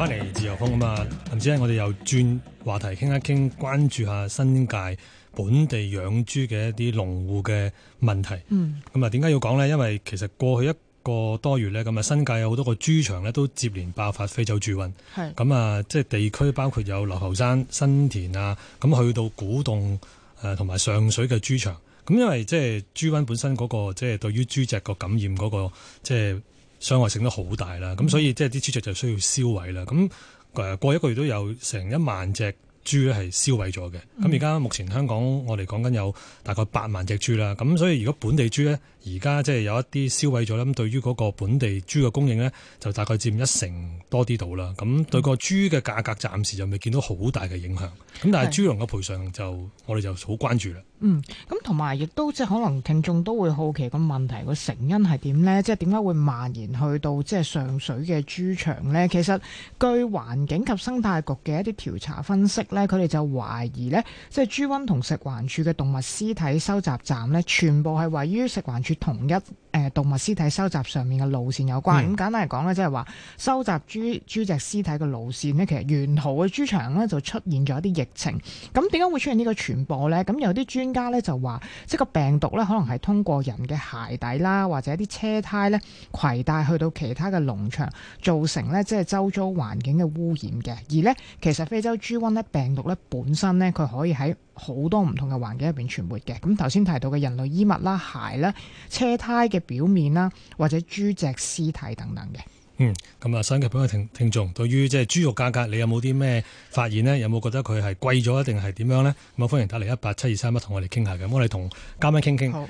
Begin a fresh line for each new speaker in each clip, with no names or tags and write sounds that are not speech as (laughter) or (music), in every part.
翻嚟自由風咁啊，今次咧我哋又轉話題傾一傾，關注下新界本地養豬嘅一啲農戶嘅問題。嗯，咁啊，點解要講呢？因為其實過去一個多月呢，咁啊，新界有好多個豬場呢，都接連爆發非洲豬瘟。係是。咁啊，即係地區包括有流浮山、新田啊，咁去到古洞誒同埋上水嘅豬場。咁因為即係豬瘟本身嗰、那個，即係對於豬隻個感染嗰、那個，即係。傷害性都好大啦，咁、嗯、所以即係啲豬隻就需要銷毀啦。咁誒、呃、過一個月都有成一萬隻豬咧係銷毀咗嘅。咁而家目前香港我哋講緊有大概八萬隻豬啦。咁所以如果本地豬咧，而家即係有一啲銷毀咗咧，咁對於嗰個本地豬嘅供應咧，就大概佔一成多啲度啦。咁對個豬嘅價格暫時就未見到好大嘅影響。咁、嗯、但係豬農嘅賠償就我哋就好關注啦。
嗯，咁同埋亦都即係可能，聽眾都會好奇個問題個成因係點咧？即係點解會蔓延去到即係上水嘅豬場咧？其實據環境及生態局嘅一啲調查分析咧，佢哋就懷疑咧，即係豬瘟同食環署嘅動物屍體收集站咧，全部係位於食環署同一。誒、呃、動物屍體收集上面嘅路線有關，咁、嗯、簡單嚟講咧，即係話收集豬豬隻屍體嘅路線呢，其實沿途嘅豬場咧就出現咗一啲疫情。咁點解會出現呢個傳播呢？咁有啲專家咧就話，即係個病毒咧可能係通過人嘅鞋底啦，或者一啲車胎咧攜帶去到其他嘅農場，造成咧即係周遭環境嘅污染嘅。而呢，其實非洲豬瘟咧病毒咧本身咧佢可以喺好多唔同嘅環境入邊傳播嘅。咁頭先提到嘅人類衣物啦、鞋啦、車胎嘅。表面啦，或者豬隻屍體等等嘅。
嗯，咁啊，新嘅各位聽聽眾，對於即係豬肉價格，你有冇啲咩發現呢？有冇覺得佢係貴咗，一定係點樣呢？咁、嗯、啊，歡迎打嚟一八七二三一，同我哋傾下嘅。我哋同嘉賓傾傾。好，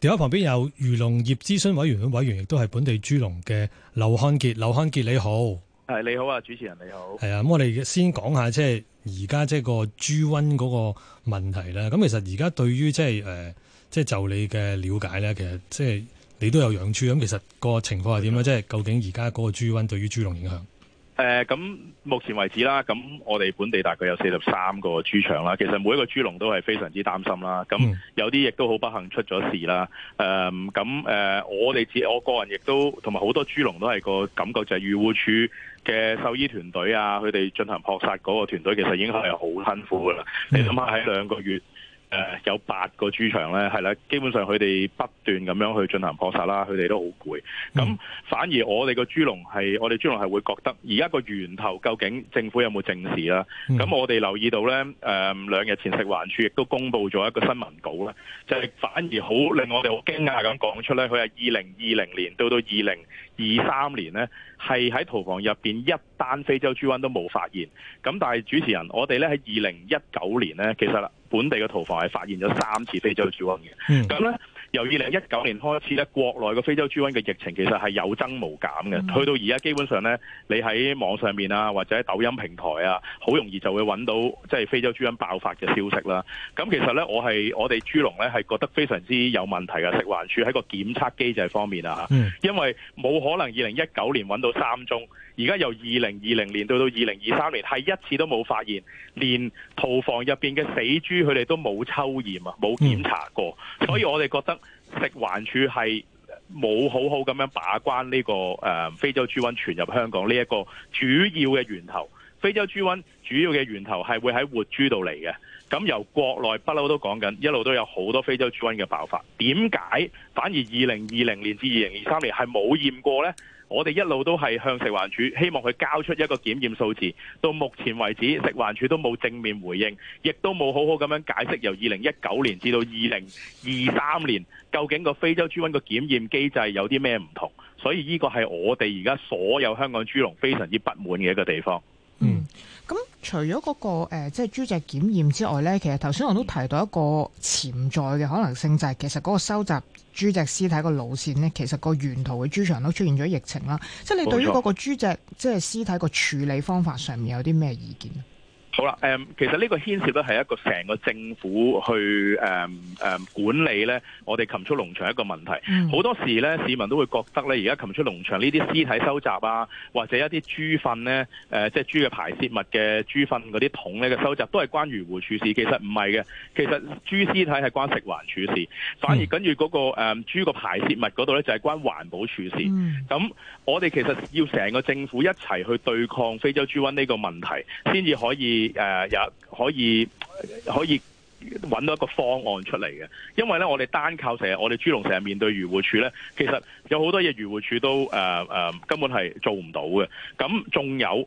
電話旁邊有漁農業諮詢委員會委員，亦都係本地豬農嘅劉漢傑。劉漢傑你好，
係你好啊，主
持人你好。係啊，咁、嗯、我哋先講下即係而家即係個豬瘟嗰個問題啦。咁其實而家對於即係誒，即、呃、係、就是、就你嘅了解呢，其實即、就、係、是。你都有養豬，咁其實個情況係點咧？即係究竟而家嗰個豬瘟對於豬農影響？
誒、呃，咁目前為止啦，咁我哋本地大概有四十三個豬場啦。其實每一個豬農都係非常之擔心啦。咁有啲亦都好不幸出咗事啦。誒、呃，咁誒、呃，我哋自己我個人亦都，同埋好多豬農都係個感覺就係漁護署嘅獸醫團隊啊，佢哋進行撲殺嗰個團隊，其實影響係好辛苦㗎喇。嗯、你諗下喺兩個月。誒有八個豬場咧，係啦，基本上佢哋不斷咁樣去進行撲殺啦，佢哋都好攰。咁反而我哋個豬農係，我哋豬農係會覺得而家個源頭究竟政府有冇正視啦？咁我哋留意到咧，誒、嗯、兩日前食環署亦都公布咗一個新聞稿啦，就係、是、反而好令我哋好驚訝咁講出咧，佢係二零二零年到到二零二三年咧，係喺屠房入邊一單非洲豬瘟都冇發現。咁但係主持人，我哋咧喺二零一九年咧，其實啦。本地嘅屠房係發現咗三次非洲豬瘟嘅，咁咧。 (noise) (noise) 由二零一九年開始咧，國內嘅非洲豬瘟嘅疫情其實係有增無減嘅。去到而家，基本上咧，你喺網上面啊，或者抖音平台啊，好容易就會揾到即係非洲豬瘟爆發嘅消息啦。咁其實咧，我係我哋豬農咧係覺得非常之有問題嘅。食環署喺個檢測機制方面啊，因為冇可能二零一九年揾到三宗，而家由二零二零年到到二零二三年係一次都冇發現，連屠房入邊嘅死豬，佢哋都冇抽驗啊，冇檢查過，所以我哋覺得。食環署係冇好好咁樣把關呢、呢個誒、呃、非洲豬瘟傳入香港呢一個主要嘅源頭。非洲豬瘟主要嘅源頭係會喺活豬度嚟嘅。咁由國內不嬲都講緊，一路都有好多非洲豬瘟嘅爆發。點解反而二零二零年至二零二三年係冇驗過呢？我哋一路都係向食環署希望佢交出一個檢驗數字，到目前為止食環署都冇正面回應，亦都冇好好咁樣解釋由二零一九年至到二零二三年，究竟個非洲豬瘟個檢驗機制有啲咩唔同，所以呢個係我哋而家所有香港豬農非常之不滿嘅一個地方。
咁除咗嗰個誒，即係豬隻檢驗之外咧，其實頭先我都提到一個潛在嘅可能性，就係其實嗰個收集豬隻屍體個路線咧，其實個沿途嘅豬場都出現咗疫情啦。冇錯。即係你對於嗰個豬隻即係屍體個處理方法上面有啲咩意見？
好啦，誒、嗯，其實呢個牽涉咧係一個成個政府去誒誒、嗯嗯、管理咧，我哋禽畜農場一個問題。好多時咧，市民都會覺得咧，而家禽畜農場呢啲屍體收集啊，或者一啲豬糞咧，誒、呃，即係豬嘅排泄物嘅豬糞嗰啲桶咧嘅收集，都係關漁護處事。其實唔係嘅，其實豬屍體係關食環處事，反而跟住嗰、那個誒、嗯、豬個排泄物嗰度咧，就係關環保處事。咁、嗯、我哋其實要成個政府一齊去對抗非洲豬瘟呢個問題，先至可以。誒有、呃、可以可以揾到一個方案出嚟嘅，因為咧我哋單靠成日我哋豬農成日面對漁護署咧，其實有好多嘢漁護署都誒誒、呃呃、根本係做唔到嘅。咁仲有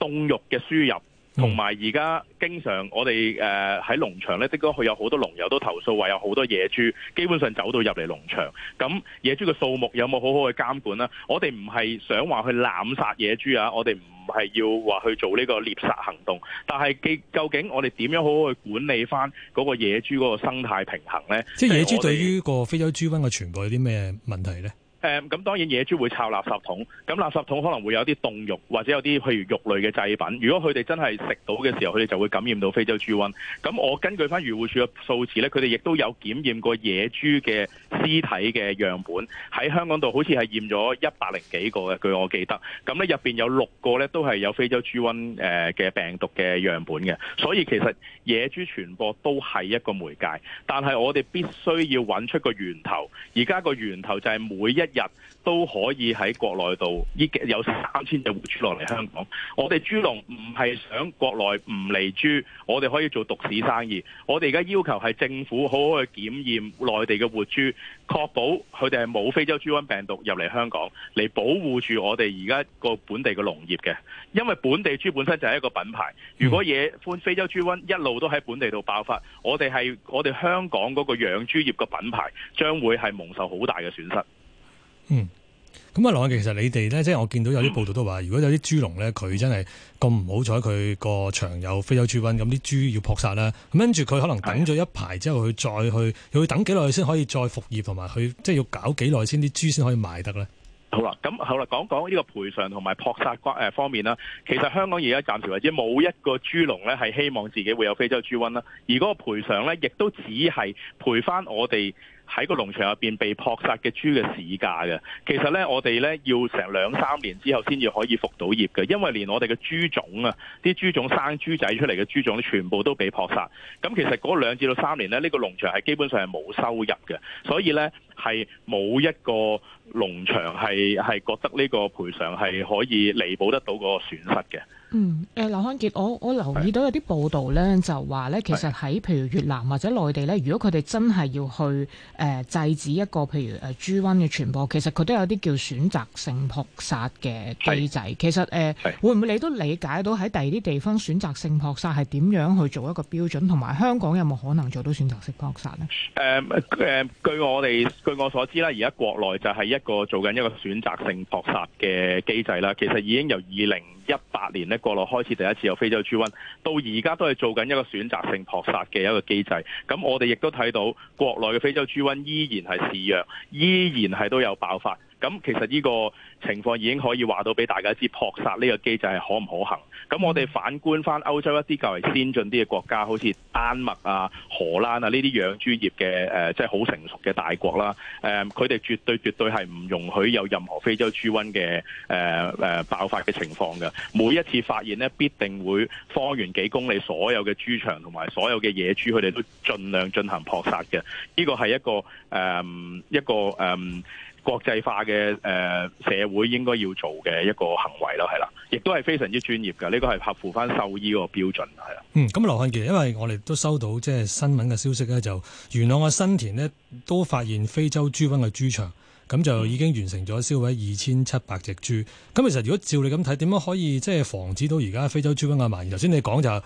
凍肉嘅輸入，同埋而家經常我哋誒喺農場咧，的確佢有好多農友都投訴話有好多野豬基本上走到入嚟農場，咁野豬嘅數目有冇好好嘅監管啦？我哋唔係想話去濫殺野豬啊，我哋唔。唔係要話去做呢個獵殺行動，但係既究竟我哋點樣好好去管理翻嗰個野豬嗰個生態平衡呢？即係野豬對於
個非洲豬瘟嘅傳播有啲咩問題呢？
誒咁、嗯、當然野豬會摷垃圾桶，咁、嗯、垃圾桶可能會有啲凍肉或者有啲譬如肉類嘅製品。如果佢哋真係食到嘅時候，佢哋就會感染到非洲豬瘟。咁、嗯、我根據翻漁護署嘅數字呢，佢哋亦都有檢驗過野豬嘅屍體嘅樣本喺香港度，好似係驗咗一百零幾個嘅，據我記得。咁呢入邊有六個呢都係有非洲豬瘟誒嘅病毒嘅樣本嘅，所以其實野豬傳播都係一個媒介，但係我哋必須要揾出個源頭。而家個源頭就係每一日都可以喺國內度，依有三千隻活豬落嚟。香港我哋豬農唔係想國內唔嚟豬，我哋可以做獨市生意。我哋而家要求係政府好好去檢驗內地嘅活豬，確保佢哋係冇非洲豬瘟病毒入嚟香港，嚟保護住我哋而家個本地嘅農業嘅。因為本地豬本身就係一個品牌，如果野非洲豬瘟一路都喺本地度爆發，我哋係我哋香港嗰個養豬業嘅品牌將會係蒙受好大嘅損失。
嗯，咁啊，漢傑，其實你哋呢？即係我見到有啲報道都話，如果有啲豬農呢，佢真係咁唔好彩，佢個場有非洲豬瘟，咁啲豬要撲殺啦。咁跟住佢可能等咗一排之後，佢再去佢要等幾耐先可以再復業，同埋佢即係要搞幾耐先啲豬先可以賣得呢？
好啦，咁好啦，講講呢個賠償同埋撲殺關方面啦。其實香港而家暫時為止冇一個豬農呢，係希望自己會有非洲豬瘟啦。而嗰個賠償呢，亦都只係賠翻我哋。喺個農場入邊被撲殺嘅豬嘅市價嘅，其實呢，我哋呢要成兩三年之後先至可以復到業嘅，因為連我哋嘅豬種啊，啲豬種生豬仔出嚟嘅豬種全部都被撲殺。咁其實嗰兩至到三年呢，呢個農場係基本上係冇收入嘅，所以呢。係冇一個農場係，係覺得呢個賠償係可以彌補得到嗰個損失嘅。
嗯，誒、呃、劉漢傑，我我留意到有啲報道咧，是就話咧，其實喺譬如越南或者內地咧，如果佢哋真係要去誒、呃、制止一個譬如誒豬瘟嘅傳播，其實佢都有啲叫選擇性撲殺嘅機制。是其實誒，呃、是會唔會你都理解到喺第二啲地方選擇性撲殺係點樣去做一個標準？同埋香港有冇可能做到選擇性撲殺咧？
誒誒、呃呃呃，據我哋。據我所知咧，而家國內就係一個做緊一個選擇性撲殺嘅機制啦。其實已經由二零一八年咧，國內開始第一次有非洲豬瘟，到而家都係做緊一個選擇性撲殺嘅一個機制。咁我哋亦都睇到國內嘅非洲豬瘟依然係肆虐，依然係都有爆發。咁其實，呢個情況已經可以話到俾大家知，撲殺呢個機制係可唔可行？咁我哋反觀翻歐洲一啲較為先進啲嘅國家，好似丹麥啊、荷蘭啊呢啲養豬業嘅誒，即係好成熟嘅大國啦。誒、呃，佢哋絕對絕對係唔容許有任何非洲豬瘟嘅誒誒爆發嘅情況嘅。每一次發現咧，必定會方圓幾公里所有嘅豬場同埋所有嘅野豬，佢哋都盡量進行撲殺嘅。呢個係一個誒、呃，一個誒。呃國際化嘅誒社會應該要做嘅一個行為咯，係啦，亦都係非常之專業嘅，呢個係合乎翻獸醫個標準係啦。嗯，
咁啊，劉漢傑，因為我哋都收到即係新聞嘅消息咧，就元朗嘅新田呢都發現非洲豬瘟嘅豬場，咁就已經完成咗燒毀二千七百隻豬。咁其實如果照你咁睇，點樣可以即係防止到而家非洲豬瘟嘅蔓延？頭先你講就是，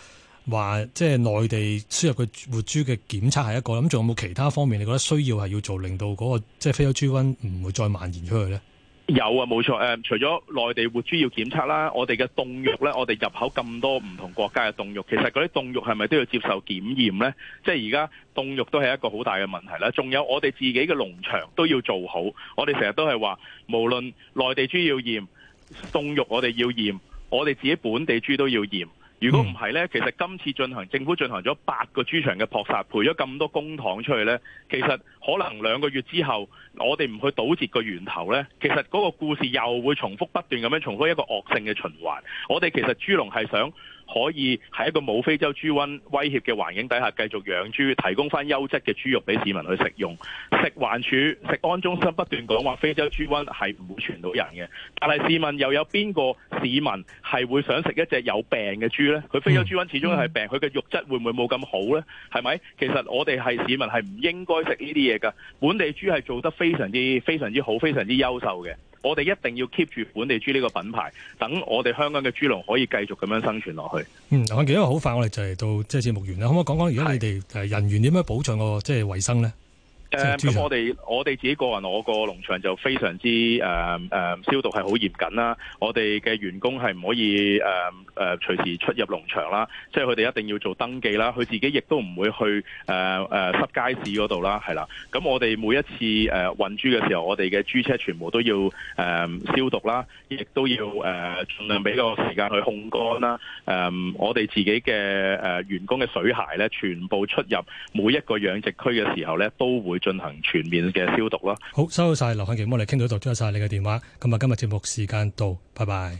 話即係內地輸入嘅活豬嘅檢測係一個，咁仲有冇其他方面你覺得需要係要做，令到嗰個即係非洲豬瘟唔會再蔓延出去呢？
有啊，冇錯誒！除咗內地活豬要檢測啦，我哋嘅凍肉呢，我哋入口咁多唔同國家嘅凍肉，其實嗰啲凍肉係咪都要接受檢驗呢？即係而家凍肉都係一個好大嘅問題啦。仲有我哋自己嘅農場都要做好，我哋成日都係話，無論內地豬要驗，凍肉我哋要驗，我哋自己本地豬都要驗。如果唔係呢，其實今次進行政府進行咗八個豬場嘅撲殺，賠咗咁多公帑出去呢，其實可能兩個月之後，我哋唔去堵截個源頭呢，其實嗰個故事又會重複不斷咁樣重複一個惡性嘅循環。我哋其實豬農係想可以喺一個冇非洲豬瘟威脅嘅環境底下繼續養豬，提供翻優質嘅豬肉俾市民去食用。食環署食安中心不斷講話非洲豬瘟係唔會傳到人嘅，但係試問又有邊個市民係會想食一隻有病嘅豬呢？佢非洲豬瘟始終係病，佢嘅肉質會唔會冇咁好呢？係咪？其實我哋係市民係唔應該食呢啲嘢㗎。本地豬係做得非常之非常之好，非常之優秀嘅。我哋一定要 keep 住本地豬呢個品牌，等我哋香港嘅豬農可以繼續咁樣生存落去。
嗯，我因為好快我哋就嚟到即係節目完啦，可唔可以講講，如果你哋誒人員點樣保障個即係衛生咧？
誒咁，um，我哋我哋自己個人，我個農場就非常之誒誒消毒係好嚴謹啦。我哋嘅員工係唔可以誒誒隨時出入農場啦，即係佢哋一定要做登記啦。佢自己亦都唔會去誒誒濕街市嗰度啦，係啦。咁我哋每一次誒運豬嘅時候，我哋嘅豬車全部都要誒消毒啦，亦都要誒盡量俾個時間去控乾啦。誒我哋自己嘅誒員工嘅水鞋咧，全部出入每一個養殖區嘅時候咧，都會進行全面嘅消毒咯。
好，收到曬，劉漢傑，我哋傾到呢度，多謝曬你嘅電話。咁啊，今日節目時間到，拜拜。